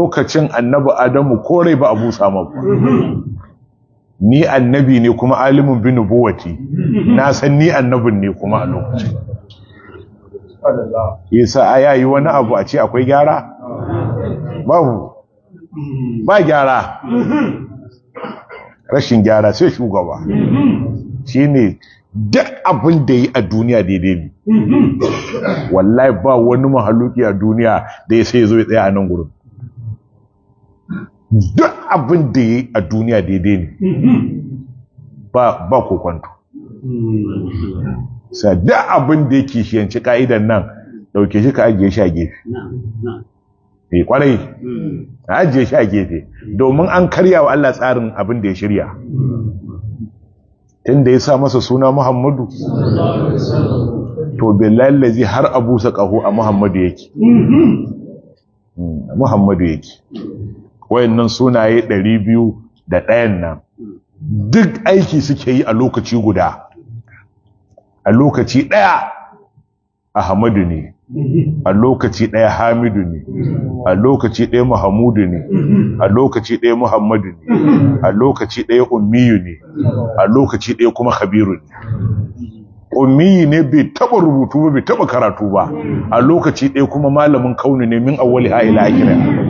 lokacin annabi adamu kore ba a busa ba ni annabi ne kuma alimin bin Buwati. na san ni annabin ne kuma a lokacin yasa a yi wani abu a ce akwai gyara babu ba gyara rashin gyara sai shugaba Shi ne duk abin da yi a duniya daidai ne wallahi ba wani mahaluki a duniya da ya sai zo ya tsaya a nan gurin duk abin da yi a duniya daidai ne ba kokonto sa duk abin da yake shiyanci ka'idan nan dauke shi ka ajiye shi a gefe eh kwarai ka hmm. ajiye shi a gefe domin an karya wa Allah tsarin abin da ya shirya tunda ya sa masa suna Muhammadu to billahi har abu saqahu a Muhammadu yake mm-hmm. hmm, Muhammadu yake wayannan sunaye ɗari biyu da ɗayan nan duk aiki suke yi a lokaci guda a lokaci ɗaya Ahmadu ne a lokaci ɗaya Hamidu ne a lokaci ɗaya Muhammadu ne a lokaci ɗaya Muhammadu ne a lokaci ɗaya Ummiyu ne a lokaci ɗaya kuma Kabiru ne Ummiyu ne bai taba rubutu ba bai taba karatu ba a lokaci ɗaya kuma malamin kauni ne min awwali ha ila akhirah